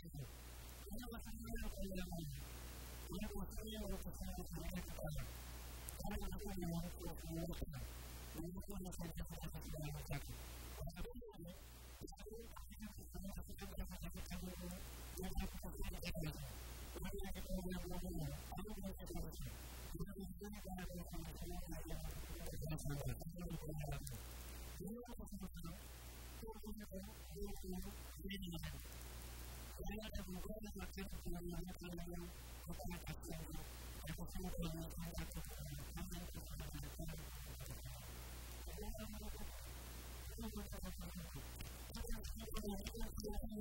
الشيء أنا أتكلم عن العلم أنا أتكلم عن التصرف في الاعتقاد أنا أتكلم عن التصرف في الواقع وأنا أتكلم عن التصرف في الاعتقاد وأتكلم Thank you. viaje vulgar es aquel que le mete el avión o que está haciendo el vecino que le contacta con el cliente que se le mantiene con el vecino. Pero es algo que no se puede hacer. Yo creo que con el vecino que le tiene, tiene que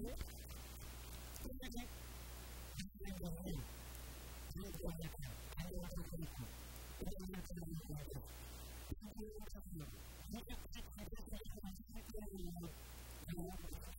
vivir en el mundo. Yo creo que hay un otro grupo, un grupo de encuentro. Yo creo que es un grupo de encuentro. Yo creo que es un grupo de encuentro.